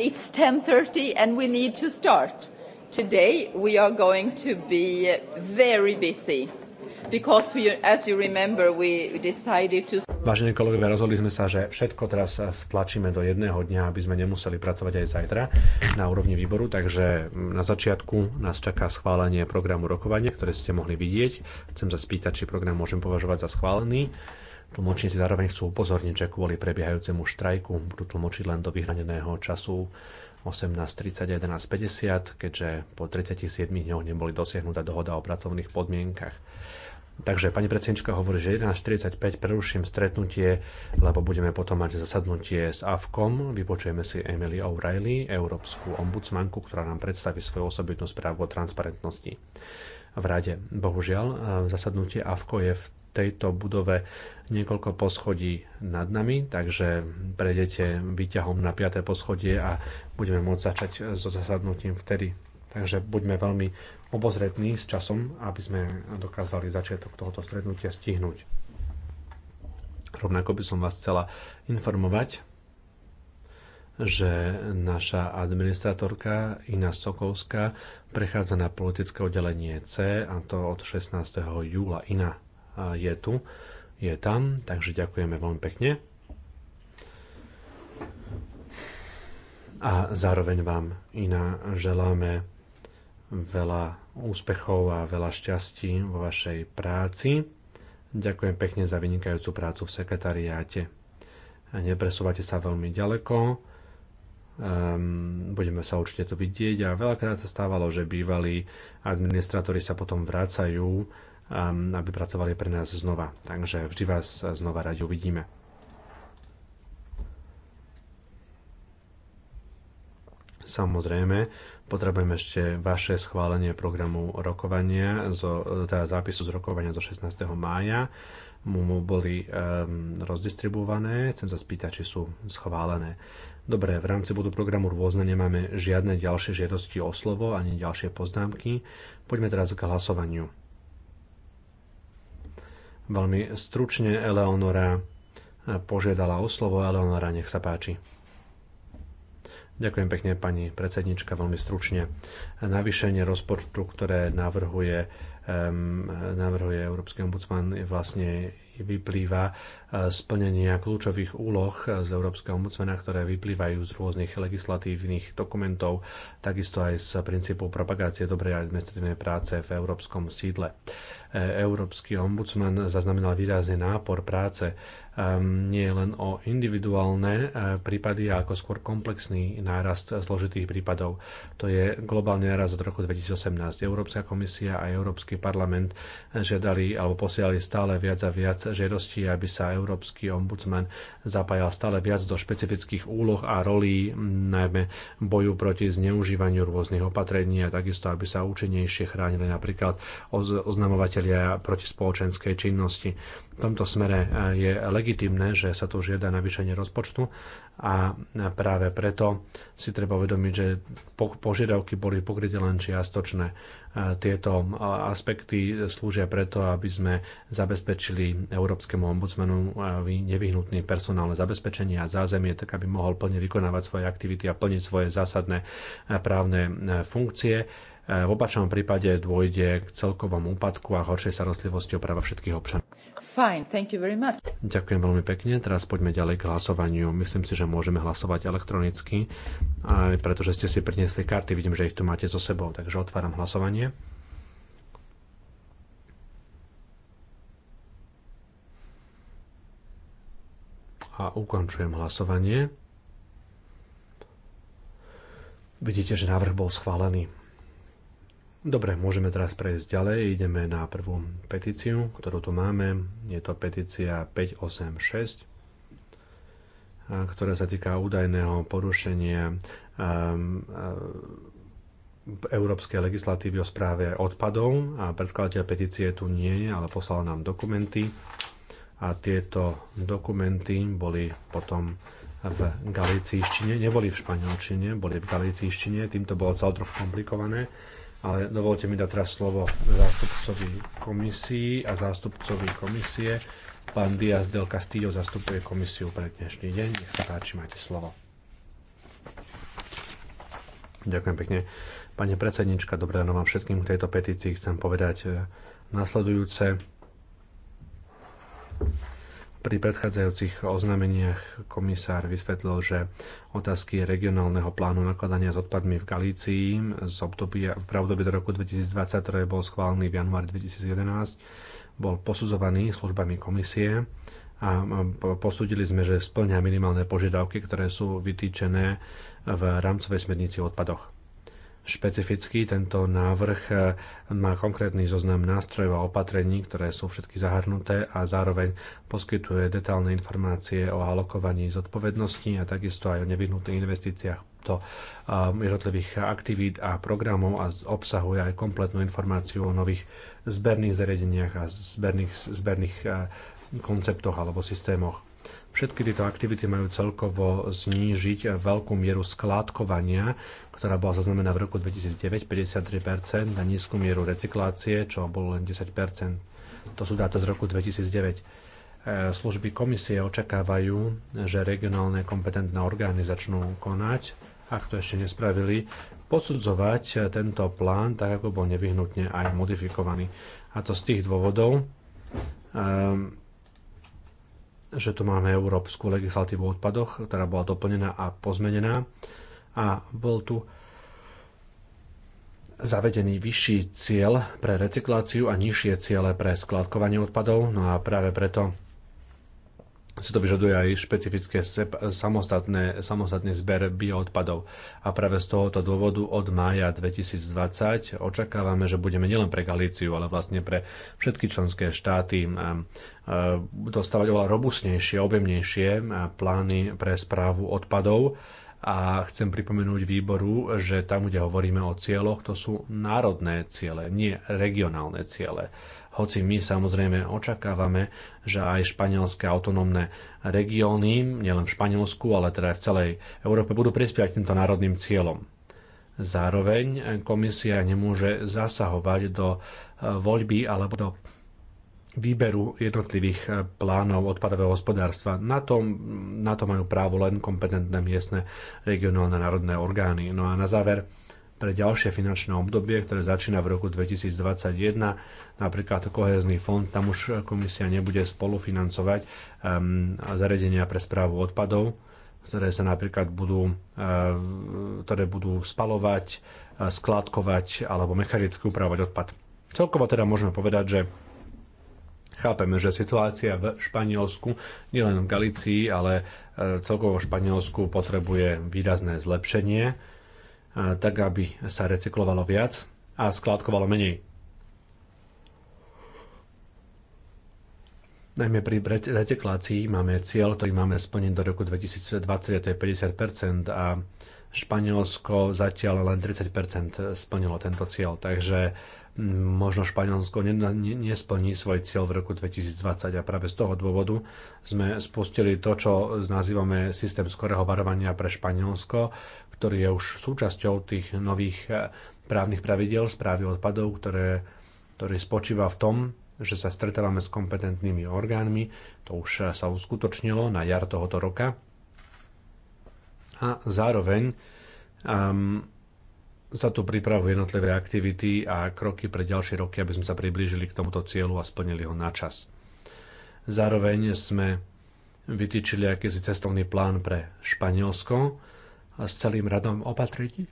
It's 10.30 and we need to start. Today we are going to be very busy because we, as you remember, we decided to... Vážení kolegovia, rozhodli sme sa, že všetko teraz vtlačíme do jedného dňa, aby sme nemuseli pracovať aj zajtra na úrovni výboru, takže na začiatku nás čaká schválenie programu rokovania, ktoré ste mohli vidieť. Chcem sa spýtať, či program môžem považovať za schválený. Tlmočníci zároveň chcú upozorniť, že kvôli prebiehajúcemu štrajku budú tlmočiť len do vyhraneného času 18.30 a 11.50, keďže po 37 dňoch neboli dosiahnutá dohoda o pracovných podmienkach. Takže pani predsednička hovorí, že 11.45 preruším stretnutie, lebo budeme potom mať zasadnutie s AVKom. Vypočujeme si Emily O'Reilly, európsku ombudsmanku, ktorá nám predstaví svoju osobitnú správu o transparentnosti v rade. Bohužiaľ, zasadnutie AVKO je v tejto budove niekoľko poschodí nad nami, takže prejdete výťahom na 5. poschodie a budeme môcť začať so zasadnutím vtedy. Takže buďme veľmi obozretní s časom, aby sme dokázali začiatok tohoto stretnutia stihnúť. Rovnako by som vás chcela informovať, že naša administratorka Ina Sokovská prechádza na politické oddelenie C a to od 16. júla. Ina, je tu, je tam, takže ďakujeme veľmi pekne. A zároveň vám iná želáme veľa úspechov a veľa šťastí vo vašej práci. Ďakujem pekne za vynikajúcu prácu v sekretariáte. Nepresúvate sa veľmi ďaleko. Um, budeme sa určite tu vidieť a veľakrát sa stávalo, že bývalí administratóri sa potom vracajú Um, aby pracovali pre nás znova. Takže vždy vás znova radi uvidíme. Samozrejme, potrebujeme ešte vaše schválenie programu rokovania, teda zápisu z rokovania zo 16. mája. Mu boli um, rozdistribuované, chcem sa spýtať, či sú schválené. Dobre, v rámci bodu programu rôzne nemáme žiadne ďalšie žiadosti o slovo ani ďalšie poznámky. Poďme teraz k hlasovaniu. Veľmi stručne Eleonora požiadala o slovo. Eleonora, nech sa páči. Ďakujem pekne, pani predsednička, veľmi stručne. Navýšenie rozpočtu, ktoré navrhuje, um, navrhuje Európsky ombudsman, je vlastne vyplýva e, splnenia kľúčových úloh z Európskeho ombudsmana, ktoré vyplývajú z rôznych legislatívnych dokumentov, takisto aj z princípov propagácie dobrej administratívnej práce v Európskom sídle. E, Európsky ombudsman zaznamenal výrazný nápor práce e, nie len o individuálne prípady, ako skôr komplexný nárast zložitých prípadov. To je globálny nárast od roku 2018. Európska komisia a Európsky parlament žiadali alebo posielali stále viac a viac žiadosti, aby sa Európsky ombudsman zapájal stále viac do špecifických úloh a rolí, najmä boju proti zneužívaniu rôznych opatrení a takisto, aby sa účinnejšie chránili napríklad oznamovatelia proti spoločenskej činnosti. V tomto smere eh, je legitimné, že sa tu žiada navýšenie rozpočtu a práve preto si treba uvedomiť, že požiadavky boli pokryté len čiastočné. E, tieto e, aspekty slúžia preto, aby sme zabezpečili Európskemu ombudsmanu e, nevyhnutné personálne zabezpečenie a zázemie, tak aby mohol plne vykonávať svoje aktivity a plniť svoje zásadné právne funkcie. V opačnom prípade dôjde k celkovom úpadku a horšej starostlivosti o práva všetkých občanov. Fine, thank you very much. Ďakujem veľmi pekne. Teraz poďme ďalej k hlasovaniu. Myslím si, že môžeme hlasovať elektronicky, aj pretože ste si priniesli karty. Vidím, že ich tu máte so sebou, takže otváram hlasovanie. A ukončujem hlasovanie. Vidíte, že návrh bol schválený. Dobre, môžeme teraz prejsť ďalej. Ideme na prvú petíciu, ktorú tu máme. Je to petícia 586, ktorá sa týka údajného porušenia um, um, európskej legislatívy o správe odpadov a predkladateľ petície tu nie je, ale poslal nám dokumenty a tieto dokumenty boli potom v galicíštine, neboli v španielčine, boli v galicíštine, týmto bolo celkom komplikované ale dovolte mi dať teraz slovo zástupcovi komisii a zástupcovi komisie. Pán Diaz del Castillo zastupuje komisiu pre dnešný deň. Nech sa páči, máte slovo. Ďakujem pekne. Pani predsednička, dobré ráno vám všetkým k tejto petícii. Chcem povedať e, nasledujúce. Pri predchádzajúcich oznámeniach komisár vysvetlil, že otázky regionálneho plánu nakladania s odpadmi v Galícii z obdobia, v pravdobie do roku 2020, ktoré bol schválený v januári 2011, bol posudzovaný službami komisie a posúdili sme, že splňa minimálne požiadavky, ktoré sú vytýčené v rámcovej smernici o odpadoch špecifický. Tento návrh e, má konkrétny zoznam nástrojov a opatrení, ktoré sú všetky zahrnuté a zároveň poskytuje detálne informácie o alokovaní zodpovedností a takisto aj o nevyhnutých investíciách do e, jednotlivých aktivít a programov a obsahuje aj kompletnú informáciu o nových zberných zariadeniach a zberných, zberných e, konceptoch alebo systémoch. Všetky tieto aktivity majú celkovo znížiť veľkú mieru skládkovania, ktorá bola zaznamená v roku 2009 53% na nízku mieru recyklácie, čo bolo len 10%. To sú dáta z roku 2009. E, služby komisie očakávajú, že regionálne kompetentné orgány začnú konať, ak to ešte nespravili, posudzovať tento plán tak, ako bol nevyhnutne aj modifikovaný. A to z tých dôvodov, že tu máme európsku legislatívu o odpadoch, ktorá bola doplnená a pozmenená a bol tu zavedený vyšší cieľ pre recykláciu a nižšie ciele pre skladkovanie odpadov, no a práve preto si to vyžaduje aj špecifické samostatné, samostatný zber bioodpadov. A práve z tohoto dôvodu od mája 2020 očakávame, že budeme nielen pre Galíciu, ale vlastne pre všetky členské štáty um, um, dostávať oveľa robustnejšie, objemnejšie um, plány pre správu odpadov. A chcem pripomenúť výboru, že tam, kde hovoríme o cieľoch, to sú národné ciele, nie regionálne ciele hoci my samozrejme očakávame, že aj španielské autonómne regióny, nielen v Španielsku, ale teda aj v celej Európe, budú prispievať týmto národným cieľom. Zároveň komisia nemôže zasahovať do e, voľby alebo do výberu jednotlivých e, plánov odpadového hospodárstva. Na to, na to majú právo len kompetentné miestne regionálne národné orgány. No a na záver, pre ďalšie finančné obdobie, ktoré začína v roku 2021, napríklad kohezný fond, tam už komisia nebude spolufinancovať um, zariadenia pre správu odpadov, ktoré sa napríklad budú, uh, ktoré budú spalovať, uh, skladkovať alebo mechanicky upravovať odpad. Celkovo teda môžeme povedať, že chápeme, že situácia v Španielsku, nielen v Galícii, ale uh, celkovo v Španielsku potrebuje výrazné zlepšenie, tak aby sa recyklovalo viac a skládkovalo menej. Najmä pri reteklácii máme cieľ, ktorý máme splniť do roku 2020, to je 50 a Španielsko zatiaľ len 30 splnilo tento cieľ, takže mm, možno Španielsko nesplní svoj cieľ v roku 2020 a práve z toho dôvodu sme spustili to, čo nazývame systém skorého varovania pre Španielsko, ktorý je už súčasťou tých nových eh, právnych pravidel správy odpadov, ktoré, ktorý spočíva v tom, že sa stretávame s kompetentnými orgánmi. To už sa uskutočnilo na jar tohoto roka. A zároveň um, sa tu pripravujú jednotlivé aktivity a kroky pre ďalšie roky, aby sme sa priblížili k tomuto cieľu a splnili ho na čas. Zároveň sme vytýčili akýsi cestovný plán pre Španielsko a s celým radom opatrení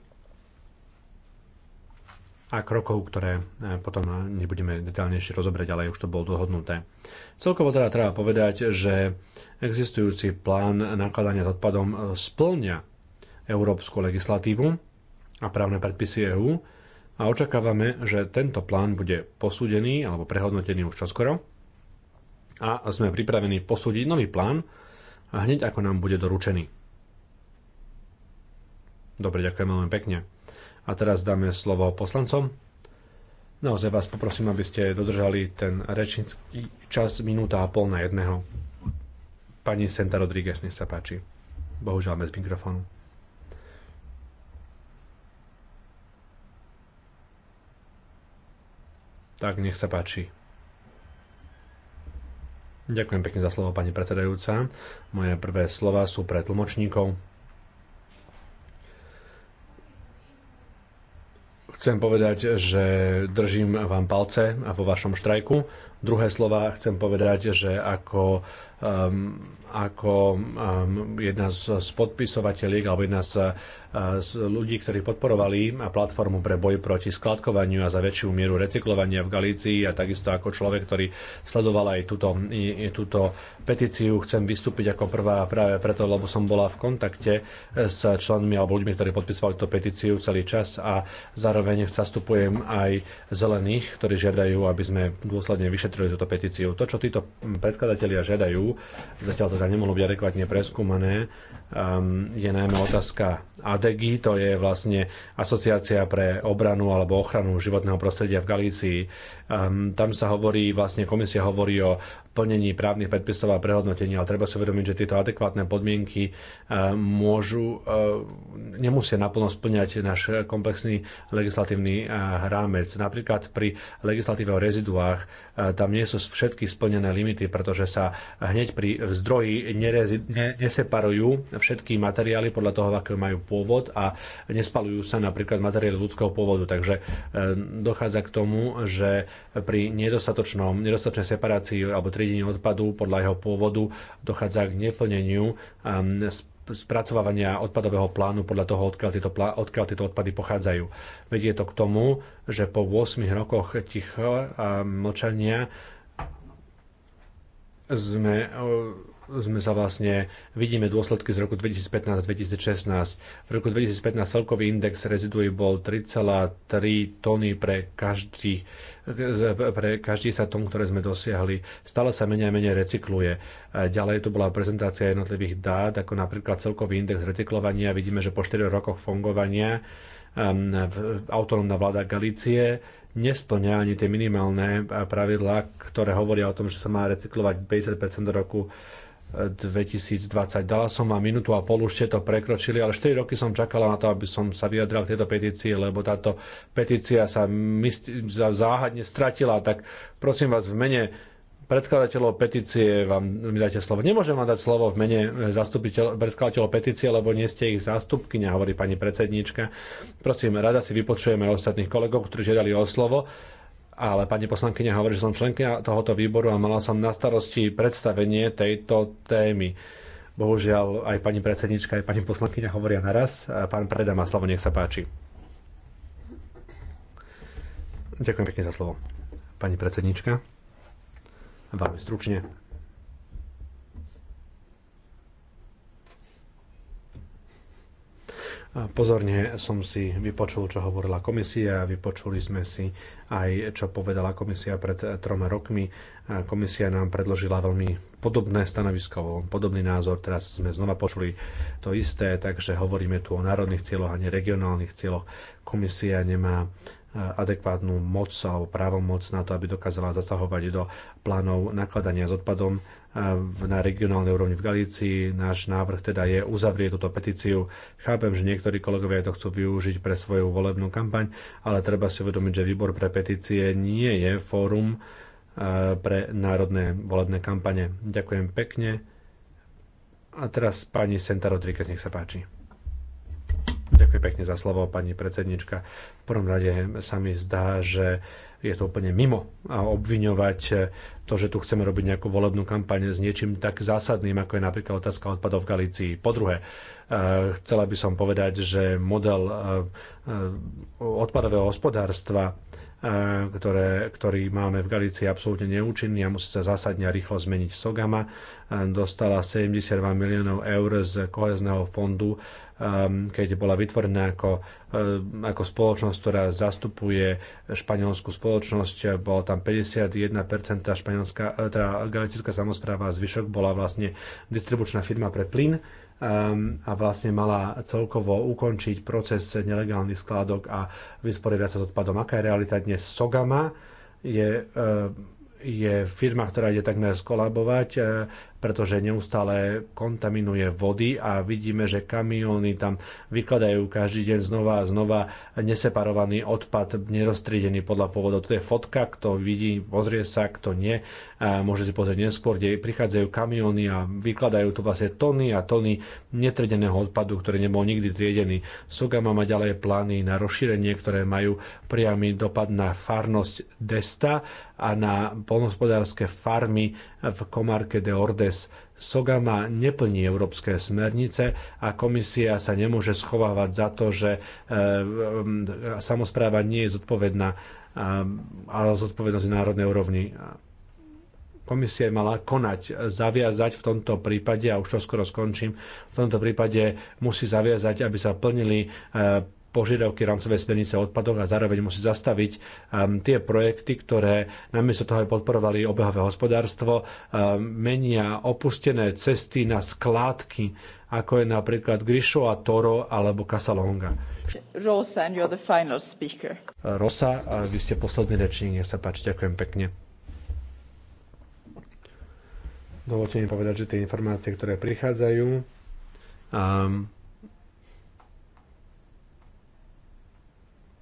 a krokov, ktoré e, potom nebudeme detaľnejšie rozobrať, ale už to bolo dohodnuté. Celkovo teda treba povedať, že existujúci plán nakladania s odpadom e, splňa európsku legislatívu a právne predpisy EÚ a očakávame, že tento plán bude posúdený alebo prehodnotený už čoskoro a sme pripravení posúdiť nový plán hneď ako nám bude doručený. Dobre, ďakujem veľmi pekne. A teraz dáme slovo poslancom. Naozaj vás poprosím, aby ste dodržali ten rečnický čas minúta a pol na jedného. Pani Senta Rodríguez, nech sa páči. Bohužiaľ bez mikrofónu. Tak, nech sa páči. Ďakujem pekne za slovo, pani predsedajúca. Moje prvé slova sú pre tlmočníkov. Chcem povedať, že držím vám palce vo vašom štrajku. Druhé slova chcem povedať, že ako, um, ako um, jedna z, z podpisovateľiek alebo jedna z z ľudí, ktorí podporovali platformu pre boj proti skladkovaniu a za väčšiu mieru recyklovania v Galícii a takisto ako človek, ktorý sledoval aj túto, i, túto petíciu. Chcem vystúpiť ako prvá práve preto, lebo som bola v kontakte s členmi alebo ľuďmi, ktorí podpisovali túto petíciu celý čas a zároveň zastupujem aj zelených, ktorí žiadajú, aby sme dôsledne vyšetrili túto petíciu. To, čo títo predkladatelia žiadajú, zatiaľ to teda nemohlo byť adekvátne preskúmané, um, je najmä otázka ADEGI, to je vlastne asociácia pre obranu alebo ochranu životného prostredia v Galícii. Um, Tam sa hovorí, vlastne komisia hovorí o plnení právnych predpisov a prehodnotení, ale treba si uvedomiť, že tieto adekvátne podmienky e, môžu, e, nemusia naplno splňať náš komplexný legislatívny e, rámec. Napríklad pri legislatíve o reziduách tam nie sú všetky splnené limity, pretože sa hneď pri zdroji neseparujú všetky materiály podľa toho, aké majú pôvod a nespalujú sa napríklad materiály ľudského pôvodu. Takže dochádza k tomu, že pri nedostatočnom, nedostatočnej separácii alebo tri triedenie odpadu podľa jeho pôvodu dochádza k neplneniu um, spracovávania odpadového plánu podľa toho, odkiaľ tieto, plá, odkiaľ tieto odpady pochádzajú. Vedie to k tomu, že po 8 rokoch ticho a mlčania sme sme sa vlastne, vidíme dôsledky z roku 2015 a 2016. V roku 2015 celkový index reziduí bol 3,3 tony pre každý, pre každý sa tom, ktoré sme dosiahli. Stále sa menej a menej recykluje. Ďalej tu bola prezentácia jednotlivých dát, ako napríklad celkový index recyklovania. Vidíme, že po 4 rokoch fungovania um, autonómna vláda Galície nesplňa ani tie minimálne pravidlá, ktoré hovoria o tom, že sa má recyklovať 50% do roku 2020. Dala som vám minútu a pol, už ste to prekročili, ale 4 roky som čakala na to, aby som sa vyjadral k tejto petícii, lebo táto petícia sa záhadne stratila. Tak prosím vás v mene predkladateľov petície vám mi dáte slovo. Nemôžem vám dať slovo v mene e, predkladateľov petície, lebo nie ste ich zástupkynia, hovorí pani predsednička. Prosím, rada si vypočujeme ostatných kolegov, ktorí žiadali o slovo ale pani poslankyňa hovorí, že som členka tohoto výboru a mala som na starosti predstavenie tejto témy. Bohužiaľ, aj pani predsednička, aj pani poslankyňa hovoria naraz. Pán Preda má slovo, nech sa páči. Ďakujem pekne za slovo. Pani predsednička, veľmi stručne. Pozorne som si vypočul, čo hovorila komisia, vypočuli sme si aj, čo povedala komisia pred troma rokmi. Komisia nám predložila veľmi podobné stanovisko, podobný názor, teraz sme znova počuli to isté, takže hovoríme tu o národných cieľoch a neregionálnych cieľoch. Komisia nemá adekvátnu moc alebo právomoc na to, aby dokázala zasahovať do plánov nakladania s odpadom e, na regionálnej úrovni v Galícii. Náš návrh teda je uzavrieť túto petíciu. Chápem, že niektorí kolegovia to chcú využiť pre svoju volebnú kampaň, ale treba si uvedomiť, že výbor pre petície nie je fórum e, pre národné volebné kampane. Ďakujem pekne. A teraz pani Senta Rodríguez, nech sa páči. Ďakujem pekne za slovo, pani predsednička. V prvom rade sa mi zdá, že je to úplne mimo a obviňovať eh, to, že tu chceme robiť nejakú volebnú kampaň s niečím tak zásadným, ako je napríklad otázka odpadov v Galícii. Po druhé, eh, chcela by som povedať, že model eh, odpadového hospodárstva ktoré, ktorý máme v Galícii absolútne neúčinný a musí sa zásadne rýchlo zmeniť. Sogama dostala 72 miliónov eur z kohezného fondu Ehm, keď bola vytvorená ako, ehm, ako spoločnosť, ktorá zastupuje španielskú spoločnosť. Bolo tam 51% španielská, e, teda galicická samozpráva a zvyšok bola vlastne distribučná firma pre plyn ehm, a vlastne mala celkovo ukončiť proces nelegálnych skládok a vysporiadať sa s odpadom. Aká je realita dnes? Sogama je je firma, ktorá ide takmer skolabovať pretože neustále kontaminuje vody a vidíme, že kamióny tam vykladajú každý deň znova a znova neseparovaný odpad, neroztriedený podľa pôvodov. To je fotka, kto vidí, pozrie sa, kto nie, môže si pozrieť neskôr, kde prichádzajú kamióny a vykladajú tu vlastne tony a tony netriedeného odpadu, ktorý nebol nikdy triedený. Sugama má ďalej plány na rozšírenie, ktoré majú priamy dopad na farnosť Desta a na polnospodárske farmy v komarke de Orde proces Sogama neplní európske smernice a komisia sa nemôže schovávať za to, že e, samozpráva nie je zodpovedná, eh, ale zodpovednosť je národnej úrovni komisia mala konať, zaviazať v tomto prípade, a už to skoro skončím, v tomto prípade musí zaviazať, aby sa plnili eh, požiadavky rámcovej smernice o odpadoch a zároveň musí zastaviť um, tie projekty, ktoré namiesto toho aj podporovali obehové hospodárstvo, um, menia opustené cesty na skládky, ako je napríklad Grisho a Toro alebo Casalonga. Rosa, and you're the final speaker. Rosa, vy ste posledný rečník, nech sa páči, ďakujem pekne. Dovolte mi povedať, že tie informácie, ktoré prichádzajú, um,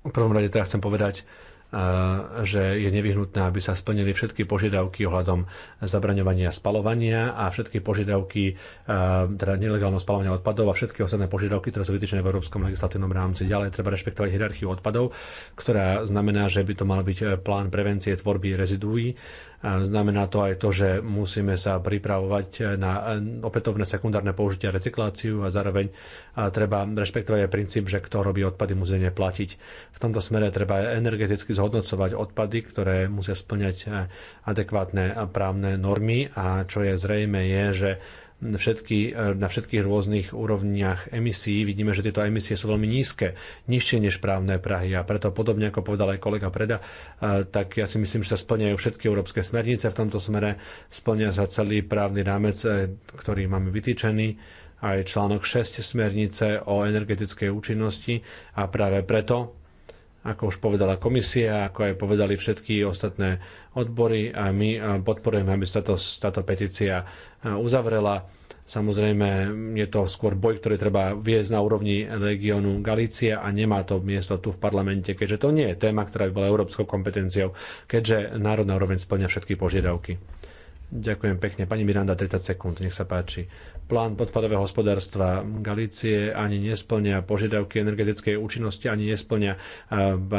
V prvom rade teda chcem povedať, že je nevyhnutné, aby sa splnili všetky požiadavky ohľadom zabraňovania spalovania a všetky požiadavky teda nelegálneho spalovania odpadov a všetky ostatné požiadavky, ktoré sú vytýčené v európskom legislatívnom rámci. Ďalej treba rešpektovať hierarchiu odpadov, ktorá znamená, že by to mal byť e, plán prevencie tvorby reziduí. Znamená to aj to, že musíme sa pripravovať e, na e, opätovné sekundárne použitie a recykláciu a zároveň treba rešpektovať aj princíp, že kto robí odpady, musí platiť. V tomto smere treba energeticky zhodnocovať odpady, ktoré musia splňať eh, adekvátne právne normy a čo je zrejme je, že všetky, eh, na všetkých rôznych úrovniach emisí vidíme, že tieto emisie sú veľmi nízke, nižšie než právne Prahy a preto podobne ako povedal aj kolega Preda, eh, tak ja si myslím, že sa splňajú všetky európske smernice v tomto smere, splňa sa celý právny rámec, ktorý máme vytýčený aj článok 6 smernice o energetickej účinnosti a práve preto ako už povedala komisia, ako aj povedali všetky ostatné odbory, a my eh, podporujeme, aby sa táto, táto petícia eh, uzavrela. Samozrejme, je to skôr boj, ktorý treba viesť na úrovni regiónu Galícia a nemá to miesto tu v parlamente, keďže to nie je téma, ktorá by bola európskou kompetenciou, keďže národná úroveň splňa všetky požiadavky. Ďakujem pekne. Pani Miranda, 30 sekúnd, nech sa páči. Plán podpadového hospodárstva Galície ani nesplňa požiadavky energetickej účinnosti, ani nesplňa eh,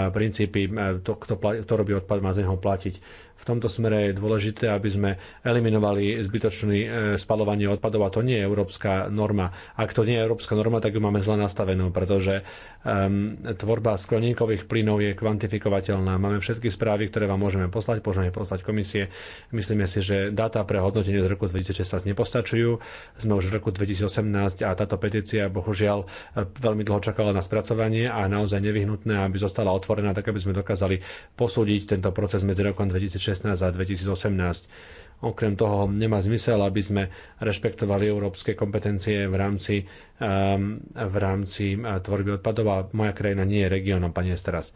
princípy, eh, to, kto, kto robí odpad, má z neho platiť v tomto smere je dôležité, aby sme eliminovali zbytočné e, spalovanie odpadov a to nie je európska norma. Ak to nie je európska norma, tak ju máme zle nastavenú, pretože um, tvorba skleníkových plynov je kvantifikovateľná. Máme všetky správy, ktoré vám môžeme poslať, môžeme poslať komisie. Myslíme si, že dáta pre hodnotenie z roku 2016 nepostačujú. Sme už v roku 2018 a táto petícia bohužiaľ e, veľmi dlho čakala na spracovanie a naozaj nevyhnutné, aby zostala otvorená, tak aby sme dokázali posúdiť tento proces medzi rokom 2016 2016 a 2018. Okrem toho nemá zmysel, aby sme rešpektovali európske kompetencie v rámci, um, v rámci e, tvorby odpadov a moja krajina nie je regiónom, pani Esteras.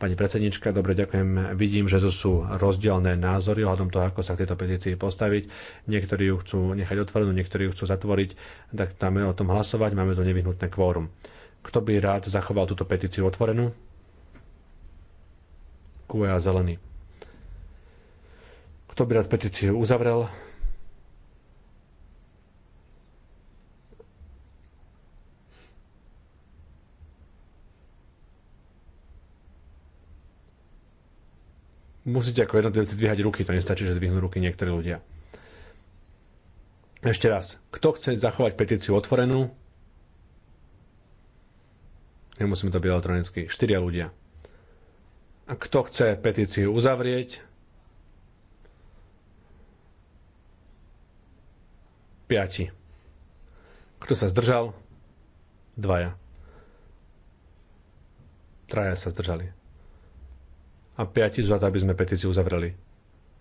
Pani predsednička, dobre, ďakujem. Vidím, že to sú rozdielne názory ohľadom toho, ako sa k tejto petícii postaviť. Niektorí ju chcú nechať otvorenú, niektorí ju chcú zatvoriť, tak máme o tom hlasovať, máme to nevyhnutné kvórum. Kto by rád zachoval túto petíciu otvorenú? QA zelený. Kto by rád petíciu uzavrel? musíte ako jednotlivci dvíhať ruky, to nestačí, že zdvihnú ruky niektorí ľudia. Ešte raz, kto chce zachovať petíciu otvorenú? Nemusíme to byť elektronicky. Štyria ľudia. A kto chce petíciu uzavrieť? 5. Kto sa zdržal? Dvaja. Traja sa zdržali. A piati za to, aby sme petíciu uzavreli.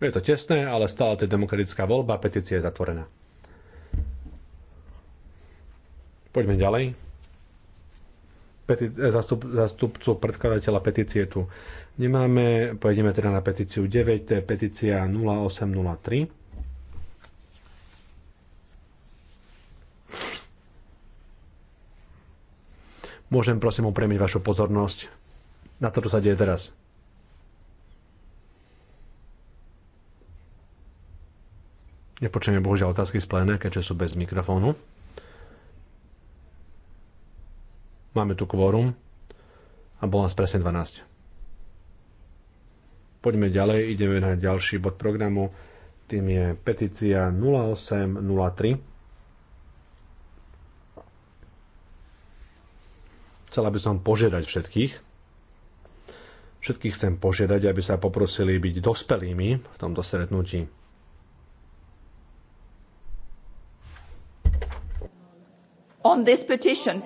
Je to tesné, ale stále to je demokratická voľba, petícia je zatvorená. Poďme ďalej. Peti- zastup, zastupcu predkladateľa petície tu nemáme. Pojedeme teda na petíciu 9, to je petícia 0803. Môžem prosím upriamiť vašu pozornosť na to, čo sa deje teraz. Nepočujeme bohužiaľ otázky z pléna, keďže sú bez mikrofónu. Máme tu kvórum a bolo nás presne 12. Poďme ďalej, ideme na ďalší bod programu. Tým je petícia 0803 Chcela by som požiadať všetkých, všetkých chcem požiadať, aby sa poprosili byť dospelými v tomto stretnutí. On this petition.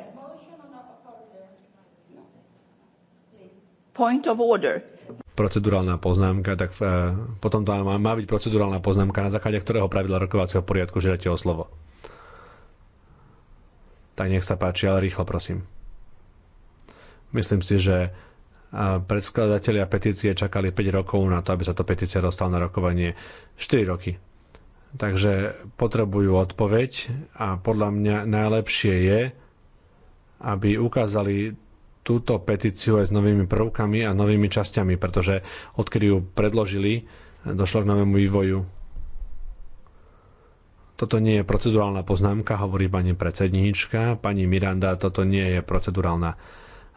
Point of order. Procedurálna poznámka, tak eh, potom to má, má byť procedurálna poznámka, na základe ktorého pravidla rokovacieho poriadku žiadate o slovo. Tak nech sa páči, ale rýchlo prosím. Myslím si, že predskladatelia petície čakali 5 rokov na to, aby sa to petícia dostala na rokovanie 4 roky. Takže potrebujú odpoveď a podľa mňa najlepšie je, aby ukázali túto petíciu aj s novými prvkami a novými časťami, pretože odkedy ju predložili, došlo k novému vývoju. Toto nie je procedurálna poznámka, hovorí pani predsedníčka. Pani Miranda, toto nie je procedurálna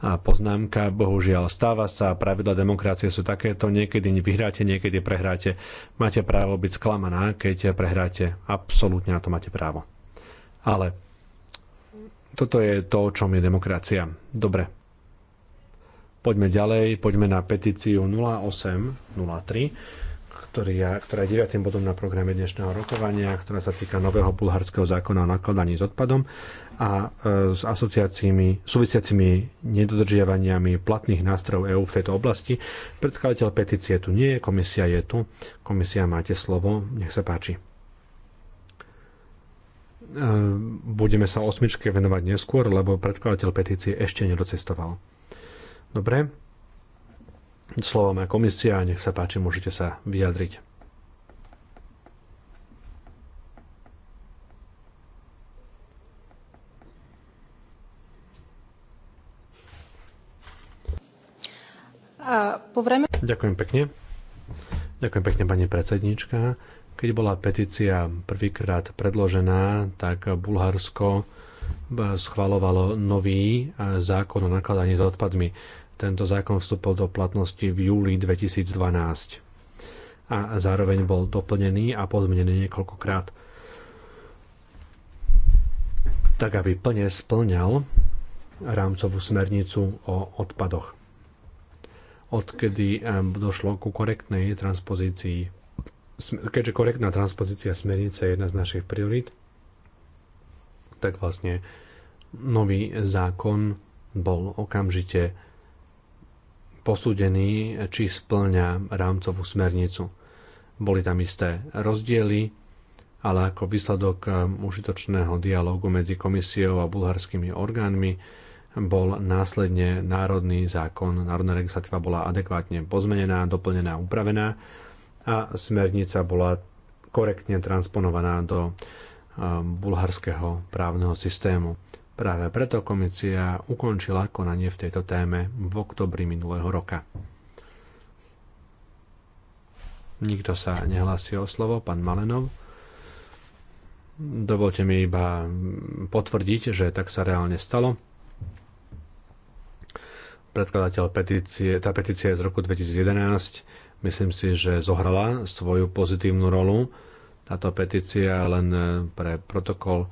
poznámka. Bohužiaľ, stáva sa, pravidla demokracie sú takéto, niekedy vyhráte, niekedy prehráte. Máte právo byť sklamaná, keď prehráte. Absolútne na to máte právo. Ale toto je to, o čom je demokracia. Dobre. Poďme ďalej, poďme na petíciu 0803 ktorý je, ktorá je 9. bodom na programe dnešného rokovania, ktorá sa týka nového bulharského zákona o nakladaní s odpadom a e, s asociáciami, súvisiacimi nedodržiavaniami platných nástrojov EÚ v tejto oblasti. Predkladateľ petície tu nie je, komisia je tu. Komisia, máte slovo, nech sa páči. E, budeme sa osmičke venovať neskôr, lebo predkladateľ petície ešte nedocestoval. Dobre, Slovo má komisia, nech sa páči, môžete sa vyjadriť. Ďakujem pekne. Ďakujem pekne, pani predsednička. Keď bola petícia prvýkrát predložená, tak Bulharsko schvalovalo nový zákon o nakladaní s odpadmi tento zákon vstúpil do platnosti v júli 2012 a zároveň bol doplnený a podmenený niekoľkokrát tak, aby plne splňal rámcovú smernicu o odpadoch. Odkedy došlo ku korektnej transpozícii, keďže korektná transpozícia smernice je jedna z našich priorít, tak vlastne nový zákon bol okamžite posúdený, či splňa rámcovú smernicu. Boli tam isté rozdiely, ale ako výsledok um, užitočného dialógu medzi komisiou a bulharskými orgánmi bol následne národný zákon, národná legislatíva bola adekvátne pozmenená, doplnená, upravená a smernica bola korektne transponovaná do um, bulharského právneho systému. Práve preto komisia ukončila konanie v tejto téme v oktobri minulého roka. Nikto sa nehlási o slovo, pán Malenov. Dovolte mi iba potvrdiť, že tak sa reálne stalo. Predkladateľ petície, tá petícia je z roku 2011. Myslím si, že zohrala svoju pozitívnu rolu. Táto petícia len pre protokol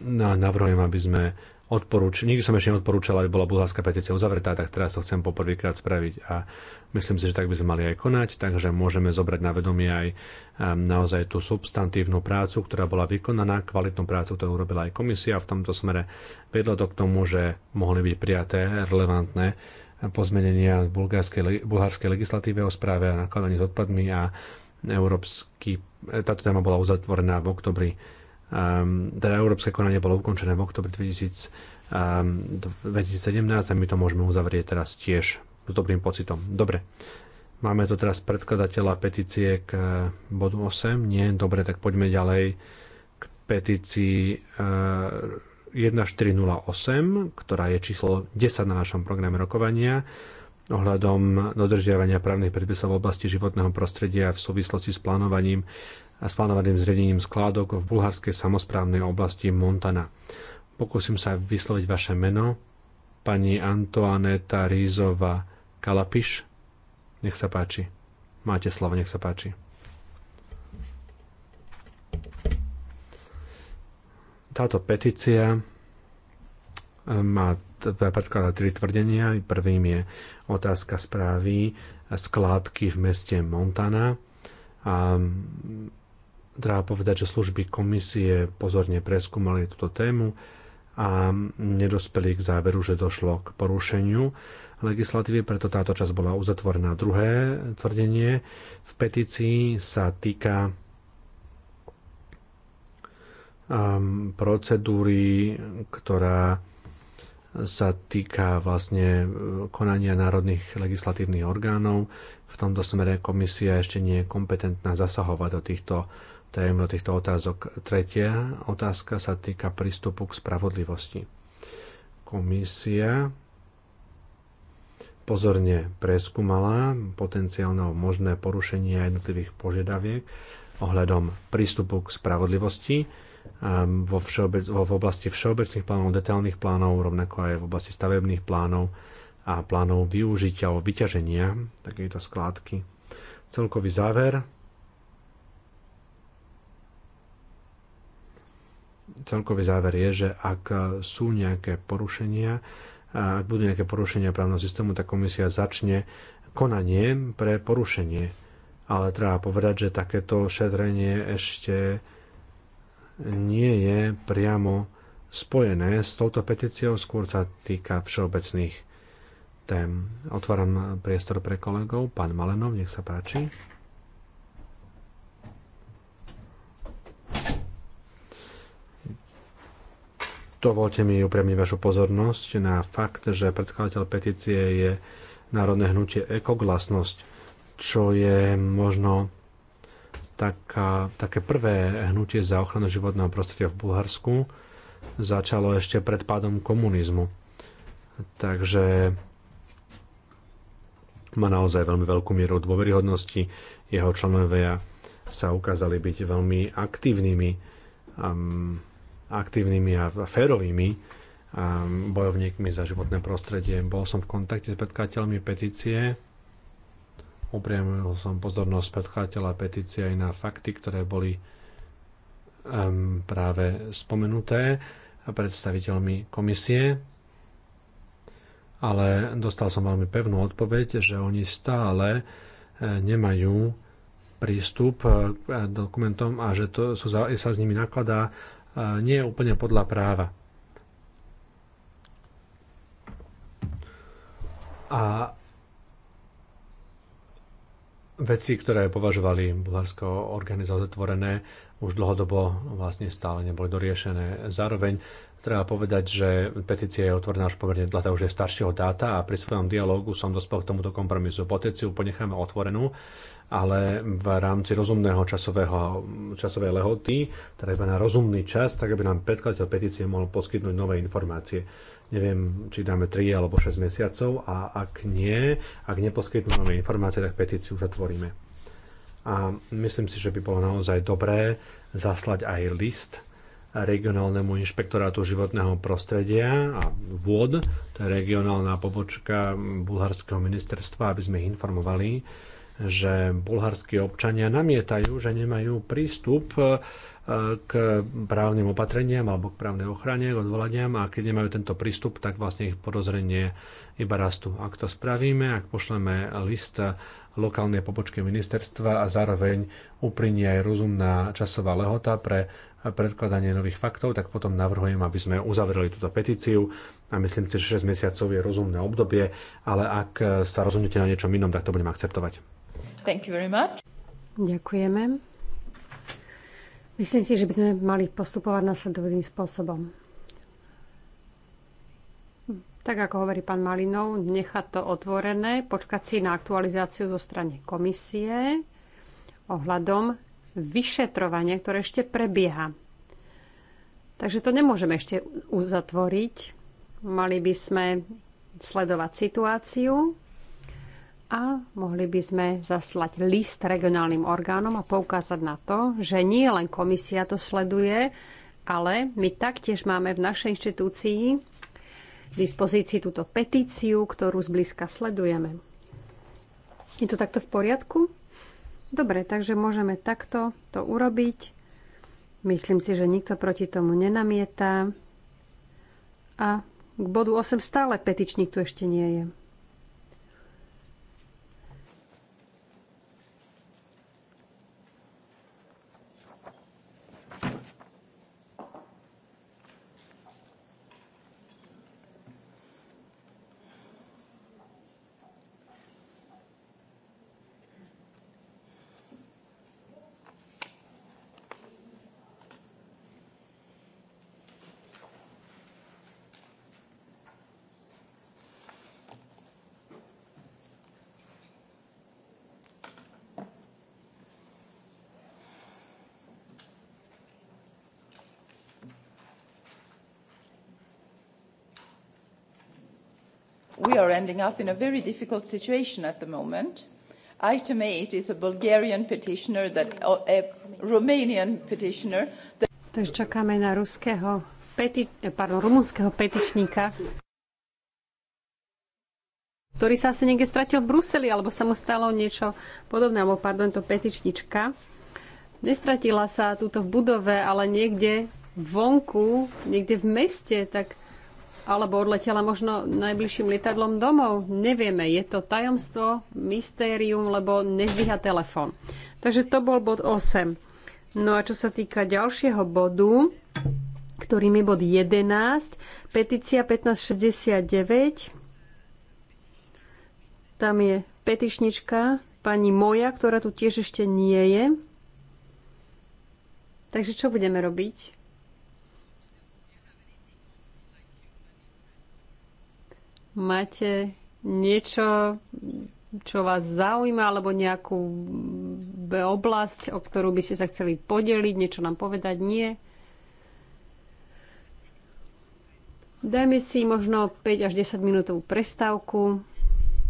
No, navrhujem, aby sme odporúčali, nikdy som ešte neodporúčal, aby bola bulharská petícia uzavretá, tak teraz to chcem poprvýkrát spraviť a myslím si, že tak by sme mali aj konať, takže môžeme zobrať na vedomie aj ehm, naozaj tú substantívnu prácu, ktorá bola vykonaná, kvalitnú prácu, ktorú urobila aj komisia v tomto smere. Vedlo to k tomu, že mohli byť prijaté relevantné pozmenenia v bulharskej legislatíve o správe a nakladaní s odpadmi a európsky, e, táto téma bola uzatvorená v oktobri Ehm, teda európske konanie bolo ukončené v oktobri 2017 ehm, a my to môžeme uzavrieť teraz tiež s dobrým pocitom. Dobre, máme tu teraz predkladateľa petície k eh, bodu 8. Nie, dobre, tak poďme ďalej k petícii 1408, eh, ktorá je číslo 10 na našom programe rokovania ohľadom dodržiavania právnych predpisov v oblasti životného prostredia v súvislosti s plánovaním s plánovaným zriadením skládok v bulharskej samozprávnej oblasti Montana. Pokúsim sa vysloviť vaše meno. Pani Antoaneta Rízova Kalapiš. Nech sa páči. Máte slovo, nech sa páči. Táto petícia eh, má teda predkladá tri tvrdenia. Prvým je otázka správy skládky v meste Montana. A treba povedať, že služby komisie pozorne preskúmali túto tému a nedospeli k záveru, že došlo k porušeniu legislatívy, preto táto časť bola uzatvorená. Druhé tvrdenie v petícii sa týka um, procedúry, ktorá sa týka vlastne uh, konania národných legislatívnych orgánov. V tomto smere komisia ešte nie je kompetentná zasahovať do týchto Tajemno týchto otázok. Tretia otázka sa týka prístupu k spravodlivosti. Komisia pozorne preskúmala potenciálne možné porušenie jednotlivých požiadaviek ohľadom prístupu k spravodlivosti ehm, vo, všeobec, vo v oblasti všeobecných plánov, detailných plánov, rovnako aj v oblasti stavebných plánov a plánov využitia alebo vyťaženia takejto skládky. Celkový záver celkový záver je, že ak sú nejaké porušenia, ak budú nejaké porušenia právneho systému, tak komisia začne konanie pre porušenie. Ale treba povedať, že takéto šetrenie ešte nie je priamo spojené s touto petíciou, skôr sa týka všeobecných tém. Otváram priestor pre kolegov. Pán Malenov, nech sa páči. Dovolte mi upriamiť vašu pozornosť na fakt, že predkladateľ petície je Národné hnutie Ekoglasnosť, čo je možno taká, také prvé hnutie za ochranu životného prostredia v Bulharsku. Začalo ešte pred pádom komunizmu. Takže má naozaj veľmi veľkú mieru dôveryhodnosti. Jeho členovia sa ukázali byť veľmi aktívnymi um, aktívnymi a férovými um, bojovníkmi za životné prostredie. Bol som v kontakte s predkladateľmi petície. Upriamil som pozornosť predkladateľa petície aj na fakty, ktoré boli um, práve spomenuté predstaviteľmi komisie. Ale dostal som veľmi pevnú odpoveď, že oni stále eh, nemajú prístup eh, k dokumentom a že to sú, sa s nimi nakladá nie je úplne podľa práva. A veci, ktoré považovali Bulharsko orgány za zatvorené, už dlhodobo vlastne stále neboli doriešené. Zároveň treba povedať, že petícia je otvorená už pomerne dlhá, už je staršieho dáta a pri svojom dialógu som dospel k tomuto kompromisu. Petíciu ponecháme otvorenú, ale v rámci rozumného časového, časovej lehoty, teda iba na rozumný čas, tak aby nám predkladateľ petície mohol poskytnúť nové informácie. Neviem, či dáme 3 alebo 6 mesiacov a ak nie, ak neposkytnú nové informácie, tak petíciu zatvoríme. A myslím si, že by bolo naozaj dobré zaslať aj list regionálnemu inšpektorátu životného prostredia a vôd, to je regionálna pobočka bulharského ministerstva, aby sme ich informovali, že bulharskí občania namietajú, že nemajú prístup e, k právnym opatreniam alebo k právnej ochrane, k odvolaniam a keď nemajú tento prístup, tak vlastne ich podozrenie iba rastú. Ak to spravíme, ak pošleme list lokálnej pobočke ministerstva a zároveň uprinie aj rozumná časová lehota pre predkladanie nových faktov, tak potom navrhujem, aby sme uzavreli túto petíciu a myslím si, že 6 mesiacov je rozumné obdobie, ale ak sa rozhodnete na niečo inom, tak to budem akceptovať. Thank you very much. Ďakujeme. Myslím si, že by sme mali postupovať nasledovným spôsobom. Tak ako hovorí pán Malinov, nechať to otvorené, počkať si na aktualizáciu zo strany komisie ohľadom vyšetrovania, ktoré ešte prebieha. Takže to nemôžeme ešte uzatvoriť. Mali by sme sledovať situáciu a mohli by sme zaslať list regionálnym orgánom a poukázať na to, že nie len komisia to sleduje, ale my taktiež máme v našej inštitúcii v dispozícii túto petíciu, ktorú zblízka sledujeme. Je to takto v poriadku? Dobre, takže môžeme takto to urobiť. Myslím si, že nikto proti tomu nenamieta. A k bodu 8 stále petičník tu ešte nie je. we are ending up in a very difficult situation at the moment. Item 8 is a Bulgarian petitioner that, oh, a Romanian petitioner that... Takže čakáme na ruského peti, pardon, rumunského petičníka, ktorý sa asi niekde stratil v Bruseli, alebo sa mu stalo niečo podobné, alebo pardon, to petičnička. Nestratila sa túto v budove, ale niekde vonku, niekde v meste, tak alebo odletela možno najbližším lietadlom domov. Nevieme, je to tajomstvo, mystérium, lebo nezdvíha telefón. Takže to bol bod 8. No a čo sa týka ďalšieho bodu, ktorým je bod 11, petícia 1569. Tam je petičnička pani moja, ktorá tu tiež ešte nie je. Takže čo budeme robiť? Máte niečo, čo vás zaujíma, alebo nejakú oblasť, o ktorú by ste sa chceli podeliť, niečo nám povedať? Nie. Dajme si možno 5 až 10 minútovú prestávku.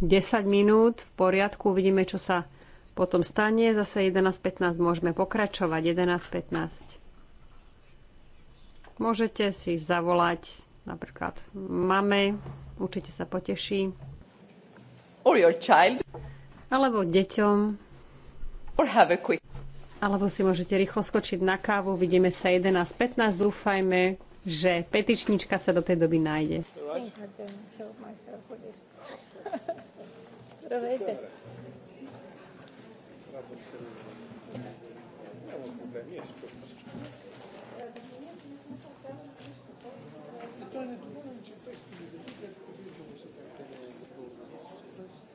10 minút v poriadku, uvidíme, čo sa potom stane. Zase 11.15 môžeme pokračovať. 11.15. Môžete si zavolať napríklad mame, Určite sa poteší. Or your child. Alebo deťom. Or have a quick. Alebo si môžete rýchlo skočiť na kávu. Vidíme sa 11.15. Dúfajme, že petičnička sa do tej doby nájde. Thank you.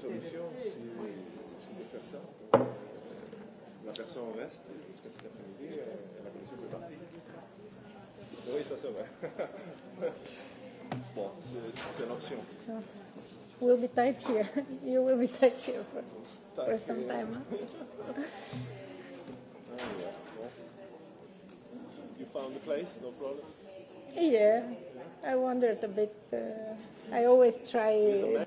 solution, c'est de faire ça. Euh, la personne reste jusqu'à cet après-midi et la commission peut partir. Oui, ça, c'est vrai. bon, c'est l'option. So, we'll be tight here. You will be tight here for, for some time. you found the place, no problem? Yeah, I wondered a bit. Uh, I always try.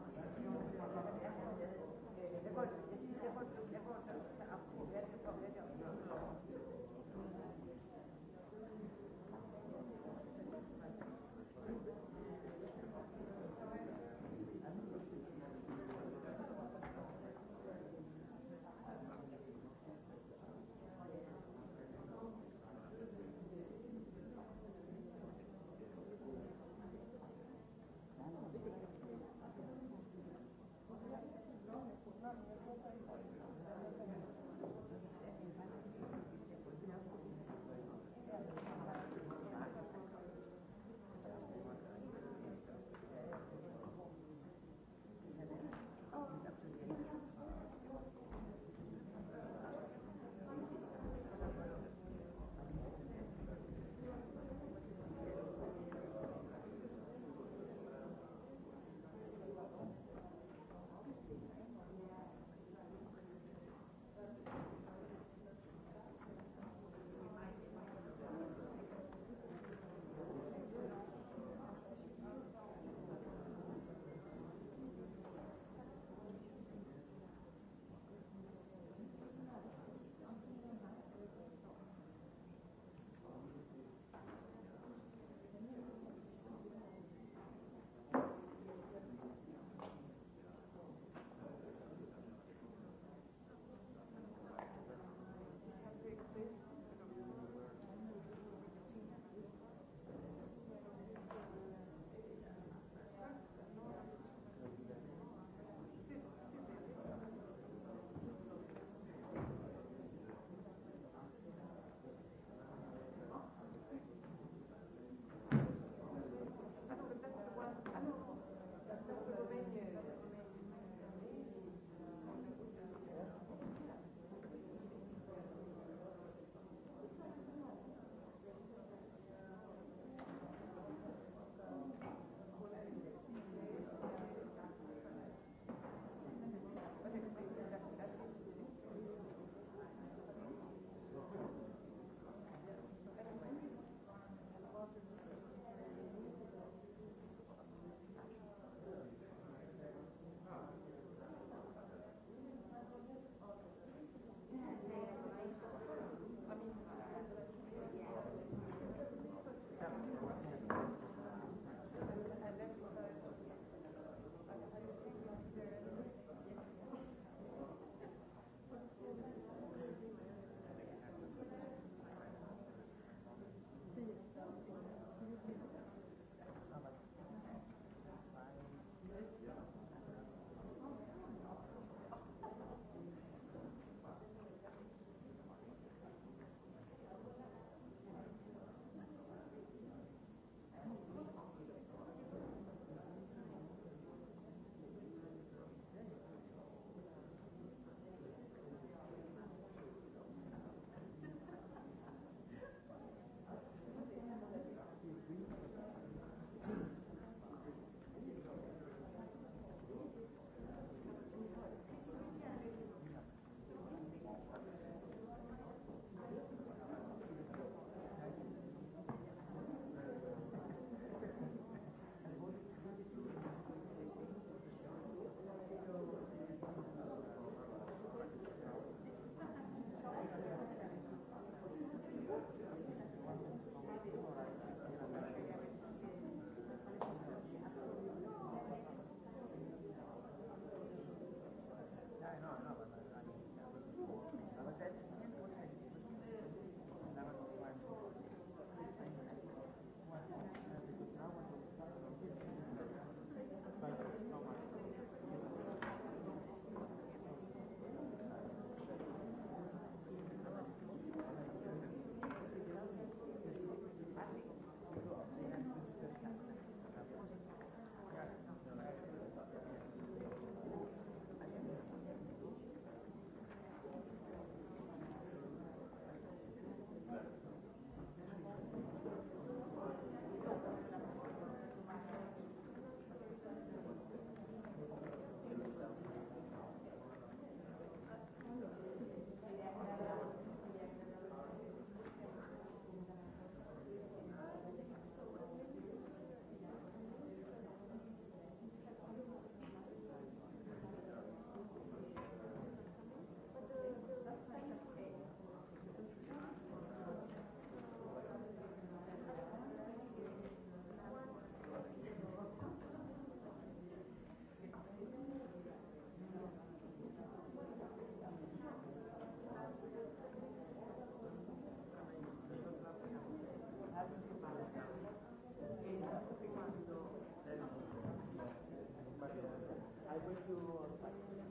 over to uh,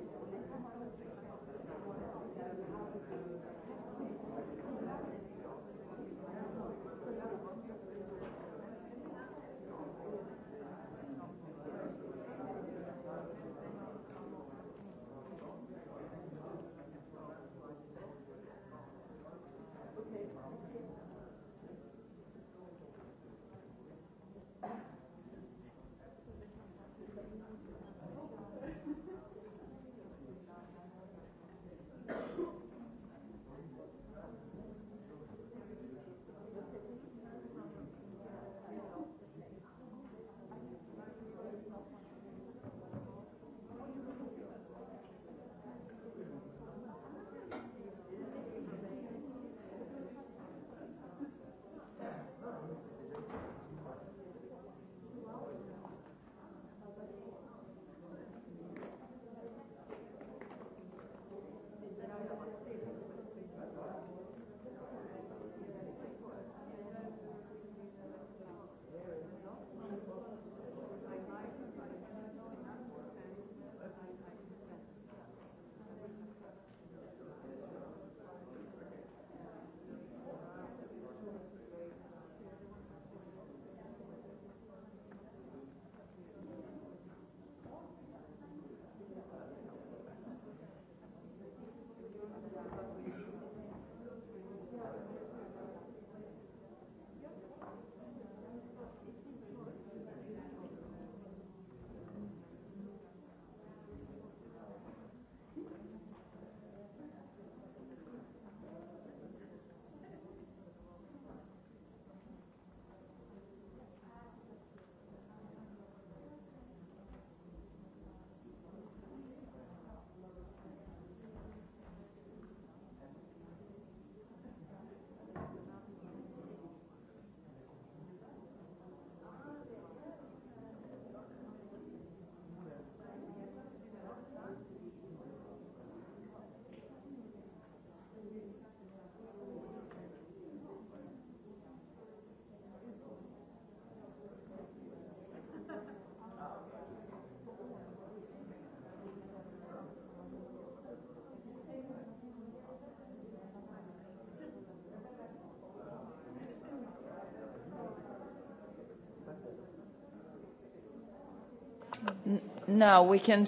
Now we can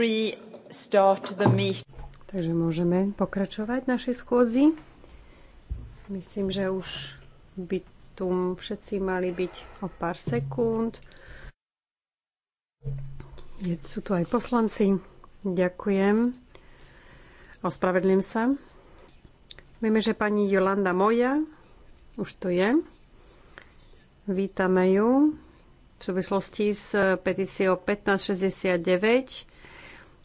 restart the meet. Takže môžeme pokračovať našej schôdzi. Myslím, že už by tu všetci mali byť o pár sekúnd. Je, sú tu aj poslanci. Ďakujem. Ospravedlím sa. Vieme, že pani Jolanda Moja už tu je. Vítame ju v súvislosti s petíciou 1569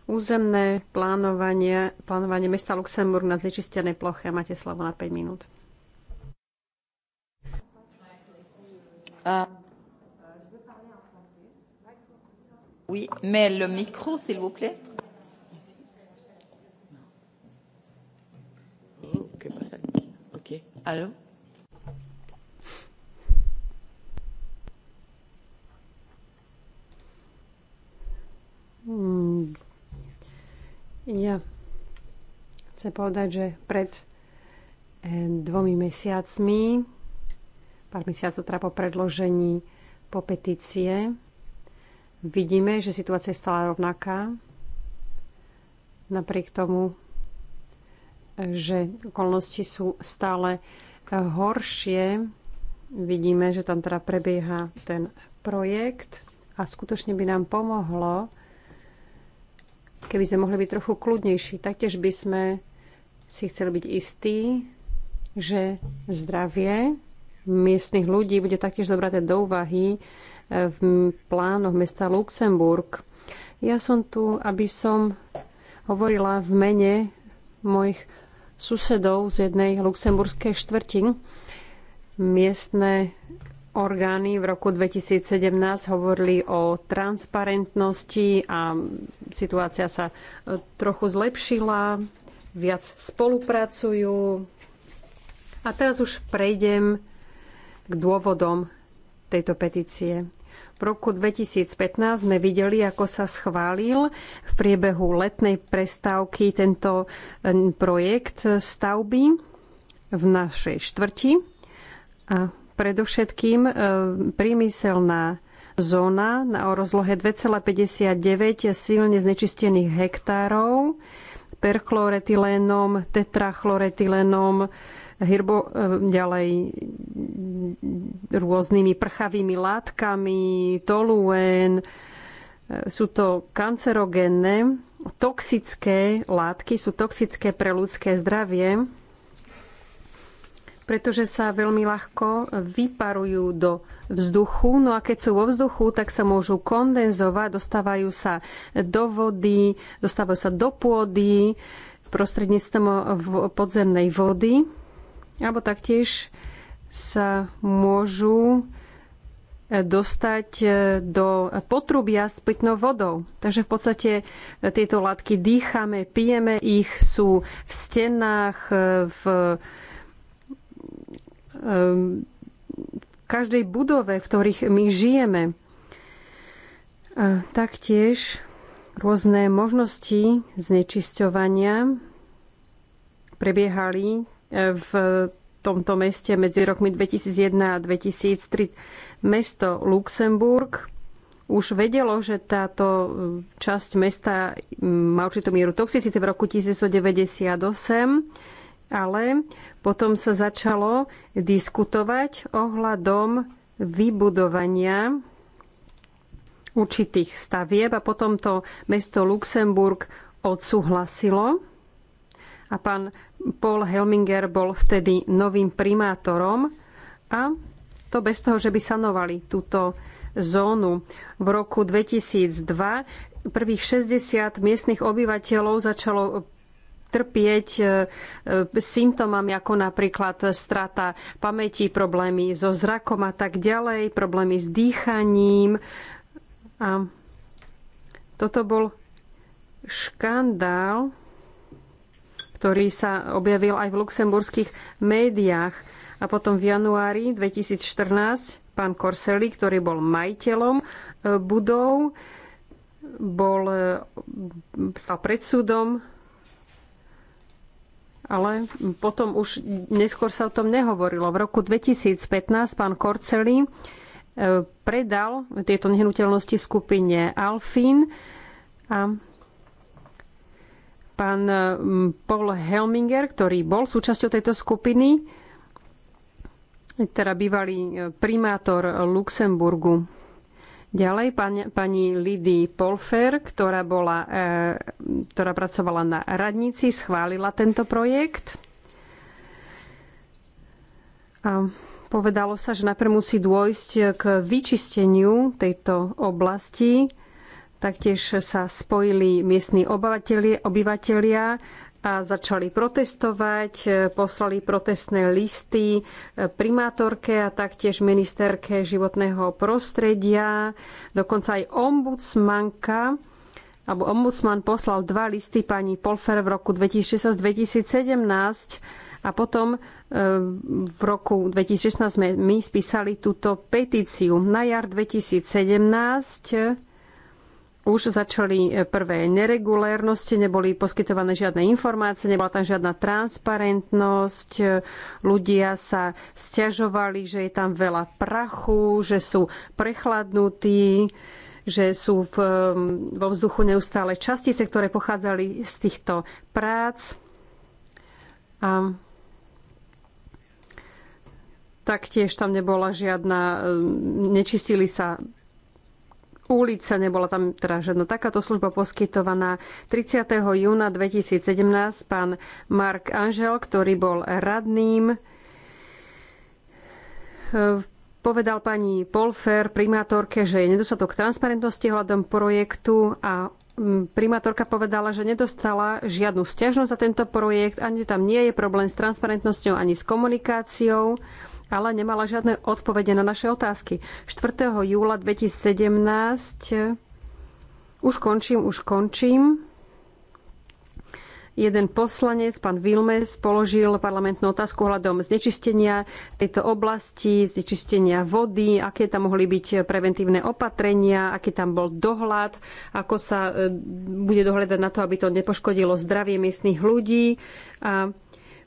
územné plánovanie, plánovanie mesta Luxemburg na znečistenej ploche. Máte slovo na 5 minút. Uh, oui, mais le micro, s'il vous plaît. Oh, okay, pas ça. Ok, allô? Mm. Ja chcem povedať, že pred eh, dvomi mesiacmi, pár mesiacov teda po predložení po petície, vidíme, že situácia je stále rovnaká. Napriek tomu, eh, že okolnosti sú stále eh, horšie, vidíme, že tam teda prebieha ten projekt a skutočne by nám pomohlo, keby sme mohli byť trochu kľudnejší. Taktiež by sme si chceli byť istí, že zdravie miestnych ľudí bude taktiež zobraté do úvahy e, v plánoch mesta Luxemburg. Ja som tu, aby som hovorila v mene mojich susedov z jednej luxemburskej štvrtin. Miestne orgány v roku 2017 hovorili o transparentnosti a situácia sa e, trochu zlepšila, viac spolupracujú. A teraz už prejdem k dôvodom tejto petície. V roku 2015 sme videli, ako sa schválil v priebehu letnej prestávky tento e, projekt stavby v našej štvrti. A Predovšetkým e, prímyselná zóna na rozlohe 2,59 silne znečistených hektárov perchloretylénom, tetrachloretylénom, hirbo, e, ďalej rôznymi prchavými látkami, toluén, e, Sú to kancerogénne, toxické látky, sú toxické pre ľudské zdravie pretože sa veľmi ľahko vyparujú do vzduchu. No a keď sú vo vzduchu, tak sa môžu kondenzovať, dostávajú sa do vody, dostávajú sa do pôdy prostredníctvom podzemnej vody. Alebo taktiež sa môžu dostať do potrubia s pitnou vodou. Takže v podstate tieto látky dýchame, pijeme ich, sú v stenách, v v každej budove, v ktorých my žijeme. A taktiež rôzne možnosti znečisťovania prebiehali e, v tomto meste medzi rokmi 2001 a 2003. Mesto Luxemburg už vedelo, že táto e, časť mesta má určitú mieru toxicity v roku 1998 ale potom sa začalo diskutovať ohľadom vybudovania určitých stavieb a potom to mesto Luxemburg odsúhlasilo. A pán Paul Helminger bol vtedy novým primátorom a to bez toho, že by sanovali túto zónu. V roku 2002 prvých 60 miestnych obyvateľov začalo trpieť e, e, symptomami ako napríklad strata pamäti, problémy so zrakom a tak ďalej, problémy s dýchaním. A toto bol škandál, ktorý sa objavil aj v luxemburských médiách. A potom v januári 2014 pán Korseli, ktorý bol majiteľom e, budov, bol, stal pred súdom ale potom už neskôr sa o tom nehovorilo. V roku 2015 pán Korceli e, predal tieto nehnuteľnosti skupine Alfín a pán e, Paul Helminger, ktorý bol súčasťou tejto skupiny, teda bývalý e, primátor Luxemburgu. Ďalej pani, pani Lidy Polfer, ktorá, bola, e, ktorá pracovala na radnici, schválila tento projekt. A povedalo sa, že najprv musí dôjsť k vyčisteniu tejto oblasti. Taktiež sa spojili miestni obyvateľia. obyvatelia a začali protestovať, e, poslali protestné listy e, primátorke a taktiež ministerke životného prostredia. Dokonca aj ombudsmanka alebo ombudsman poslal dva listy pani Polfer v roku 2016-2017 a potom e, v roku 2016 sme my spísali túto petíciu. Na jar 2017 už začali e, prvé neregulérnosti, neboli poskytované žiadne informácie, nebola tam žiadna transparentnosť, e, ľudia sa stiažovali, že je tam veľa prachu, že sú prechladnutí, že sú v, vo vzduchu neustále častice, ktoré pochádzali z týchto prác. A taktiež tam nebola žiadna, nečistili sa ulice, nebola tam teda žiadna takáto služba poskytovaná. 30. júna 2017 pán Mark Angel, ktorý bol radným, eh, povedal pani Polfer, primátorke, že je nedostatok transparentnosti hľadom projektu a mm, primátorka povedala, že nedostala žiadnu stiažnosť za tento projekt, ani tam nie je problém s transparentnosťou, ani s komunikáciou ale nemala žiadne odpovede na naše otázky. 4. júla 2017 už končím, už končím. Jeden poslanec, pán Vilmes, položil parlamentnú otázku hľadom znečistenia tejto oblasti, znečistenia vody, aké tam mohli byť preventívne opatrenia, aký tam bol dohľad, ako sa e, bude dohľadať na to, aby to nepoškodilo zdravie miestnych ľudí. A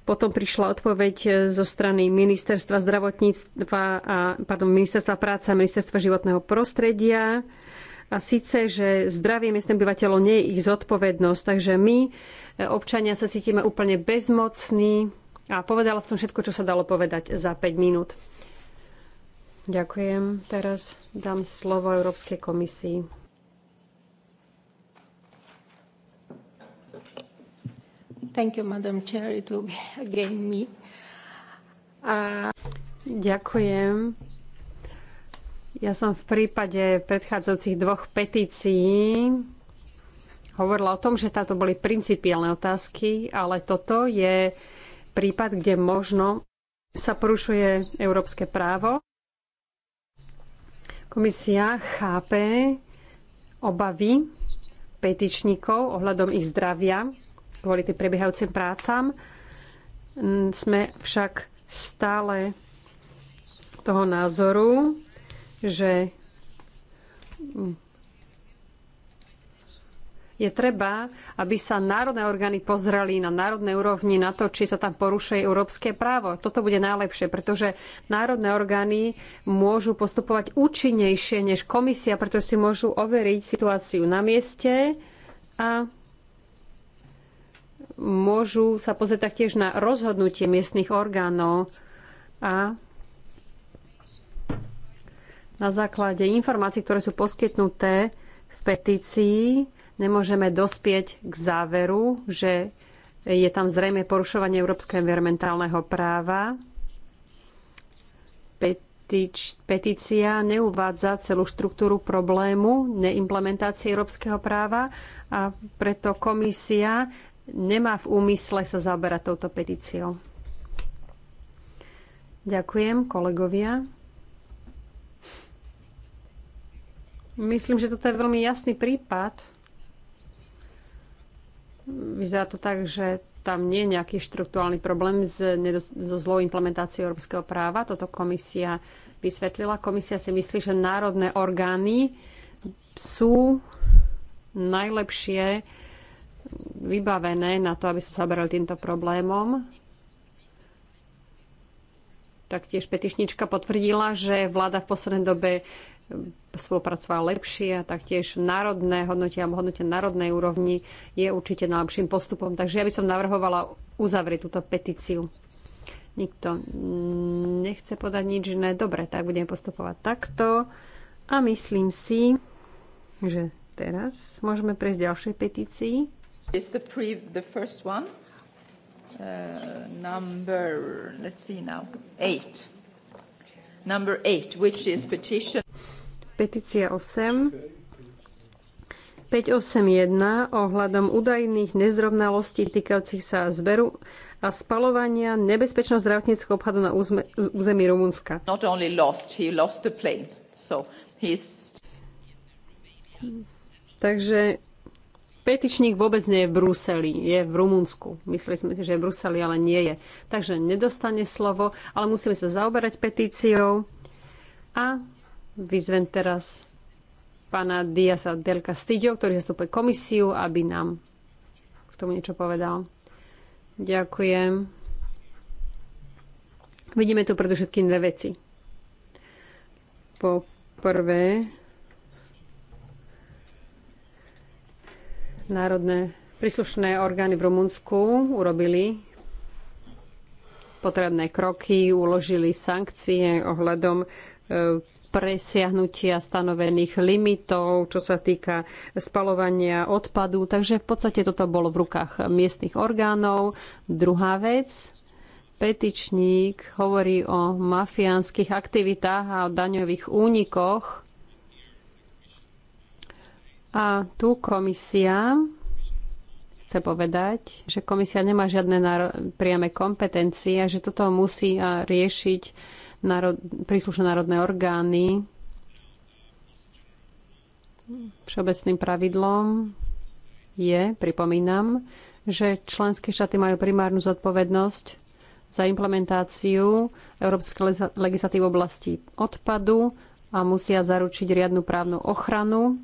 potom prišla odpoveď eh, zo strany ministerstva zdravotníctva a, pardon, ministerstva práce a ministerstva životného prostredia. A síce, že zdravie miestnych obyvateľov nie je ich zodpovednosť, takže my, eh, občania, sa cítime úplne bezmocní. A povedala som všetko, čo sa dalo povedať za 5 minút. Ďakujem. Teraz dám slovo Európskej komisii. Thank you, Madam Chair. It will be again me. A... Ďakujem. Ja som v prípade predchádzajúcich dvoch petícií hovorila o tom, že táto boli principiálne otázky, ale toto je prípad, kde možno sa porušuje európske právo. Komisia chápe obavy petičníkov ohľadom ich zdravia kvôli tým prebiehajúcim prácam. Sme však stále toho názoru, že je treba, aby sa národné orgány pozreli na národnej úrovni na to, či sa tam porušuje európske právo. Toto bude najlepšie, pretože národné orgány môžu postupovať účinnejšie než komisia, pretože si môžu overiť situáciu na mieste a môžu sa pozrieť taktiež na rozhodnutie miestnych orgánov a na základe informácií, ktoré sú poskytnuté v petícii, nemôžeme dospieť k záveru, že je tam zrejme porušovanie európskeho environmentálneho práva. Petič, petícia neuvádza celú štruktúru problému neimplementácie európskeho práva a preto komisia nemá v úmysle sa zaoberať touto petíciou. Ďakujem, kolegovia. Myslím, že toto je veľmi jasný prípad. Vyzerá to tak, že tam nie je nejaký štruktúrálny problém so zlou implementáciou európskeho práva. Toto komisia vysvetlila. Komisia si myslí, že národné orgány sú najlepšie vybavené na to, aby sa zabrali týmto problémom. Taktiež petišnička potvrdila, že vláda v poslednej dobe spolupracovala lepšie a taktiež národné hodnotie alebo hodnotie národnej úrovni je určite najlepším postupom. Takže ja by som navrhovala uzavrieť túto petíciu. Nikto nechce podať nič iné. Dobre, tak budeme postupovať takto. A myslím si, že teraz môžeme prejsť ďalšej petícii. Is the, pre the first one? Uh, number, let's see now, eight. Number eight, which is petition. Petícia 8. 581 ohľadom údajných nezrovnalostí týkajúcich sa zberu a spalovania nebezpečného zdravotníckého obchodu na území Rumunska. Not only lost, he lost the plane. So he's... Takže petičník vôbec nie je v Bruseli, je v Rumunsku. Mysleli sme si, že je v Bruseli, ale nie je. Takže nedostane slovo, ale musíme sa zaoberať petíciou. A vyzvem teraz pána Diasa del Castillo, ktorý zastupuje komisiu, aby nám k tomu niečo povedal. Ďakujem. Vidíme tu predovšetkým dve veci. Po prvé, Národné príslušné orgány v Rumunsku urobili potrebné kroky, uložili sankcie ohľadom e, presiahnutia stanovených limitov, čo sa týka spalovania odpadu. Takže v podstate toto bolo v rukách miestnych orgánov. Druhá vec, petičník hovorí o mafiánskych aktivitách a o daňových únikoch a tu komisia chce povedať, že komisia nemá žiadne priame kompetencie a že toto musí riešiť náro- príslušné národné orgány všeobecným pravidlom je, pripomínam, že členské štáty majú primárnu zodpovednosť za implementáciu európskej legislatívy v oblasti odpadu a musia zaručiť riadnu právnu ochranu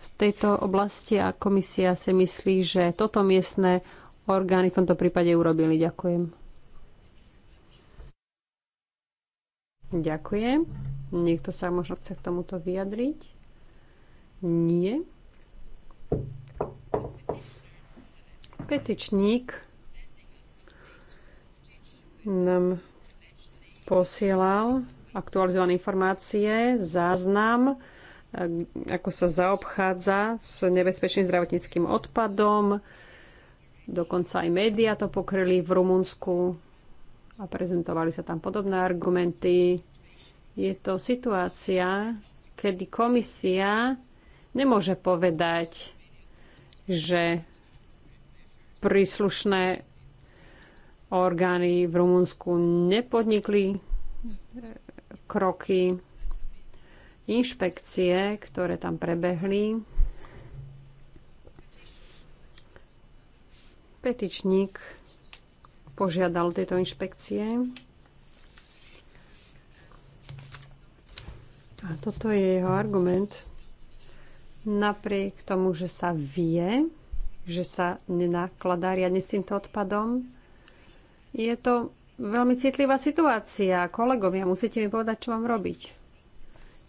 v tejto oblasti a komisia si myslí, že toto miestne orgány v tomto prípade urobili. Ďakujem. Ďakujem. Niekto sa možno chce k tomuto vyjadriť? Nie. Petičník nám posielal aktualizované informácie, záznam ako sa zaobchádza s nebezpečným zdravotníckým odpadom. Dokonca aj médiá to pokryli v Rumunsku a prezentovali sa tam podobné argumenty. Je to situácia, kedy komisia nemôže povedať, že príslušné orgány v Rumunsku nepodnikli kroky inšpekcie, ktoré tam prebehli. Petičník požiadal tieto inšpekcie. A toto je jeho argument. Napriek tomu, že sa vie, že sa nenakladá riadne s týmto odpadom, je to veľmi citlivá situácia. Kolegovia, musíte mi povedať, čo mám robiť.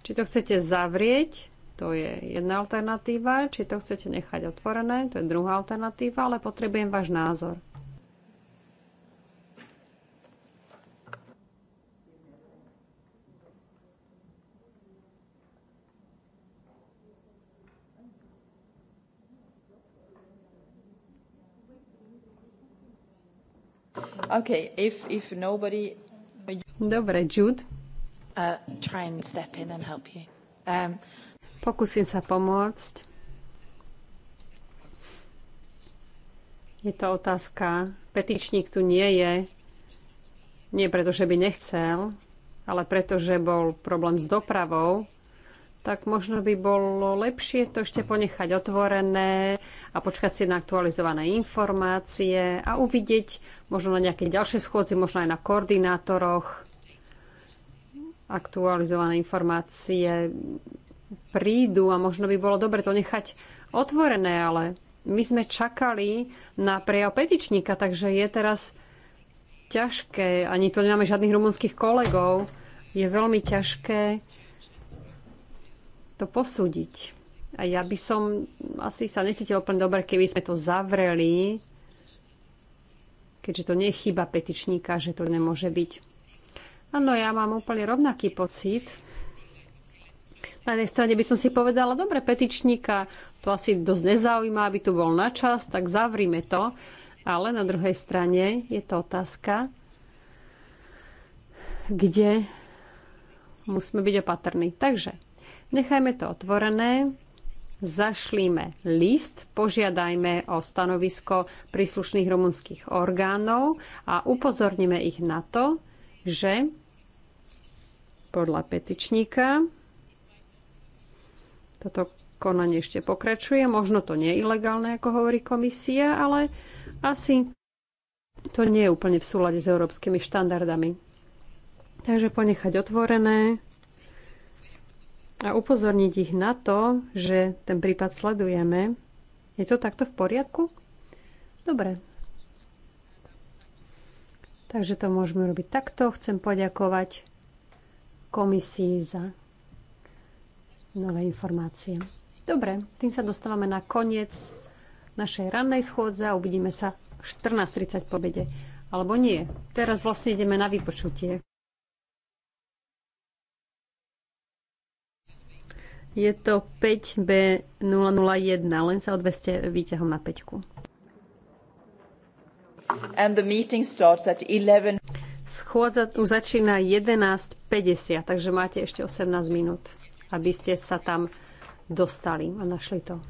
Či to chcete zavrieť, to je jedna alternatíva, či to chcete nechať otvorené, to je druhá alternatíva, ale potrebujem váš názor. Okay, if, if nobody... Dobre, Jude. Uh, try and step in and help you. Um, Pokúsim sa pomôcť. Je to otázka. Petičník tu nie je. Nie preto, že by nechcel, ale preto, že bol problém s dopravou, tak možno by bolo lepšie to ešte ponechať otvorené a počkať si na aktualizované informácie a uvidieť možno na nejaké ďalšie schôdzi, možno aj na koordinátoroch, aktualizované informácie prídu a možno by bolo dobre to nechať otvorené, ale my sme čakali na prejav petičníka, takže je teraz ťažké, ani tu nemáme žiadnych rumunských kolegov, je veľmi ťažké to posúdiť. A ja by som asi sa necítil úplne dobre, keby sme to zavreli, keďže to nie je chyba petičníka, že to nemôže byť Áno, ja mám úplne rovnaký pocit. Na jednej strane by som si povedala, dobre, petičníka, to asi dosť nezaujíma, aby tu bol na čas, tak zavrime to. Ale na druhej strane je to otázka, kde musíme byť opatrní. Takže nechajme to otvorené, zašlíme list, požiadajme o stanovisko príslušných rumunských orgánov a upozorníme ich na to, že podľa petičníka. Toto konanie ešte pokračuje. Možno to nie je ilegálne, ako hovorí komisia, ale asi to nie je úplne v súlade s európskymi štandardami. Takže ponechať otvorené a upozorniť ich na to, že ten prípad sledujeme. Je to takto v poriadku? Dobre. Takže to môžeme robiť takto. Chcem poďakovať komisii za nové informácie. Dobre, tým sa dostávame na koniec našej rannej schôdze a uvidíme sa 14.30 po obede. Alebo nie. Teraz vlastne ideme na vypočutie. Je to 5B001, len sa odveste výťahom na 5. And the meeting starts at 11. Schôdza tu začína 11.50, takže máte ešte 18 minút, aby ste sa tam dostali a našli to.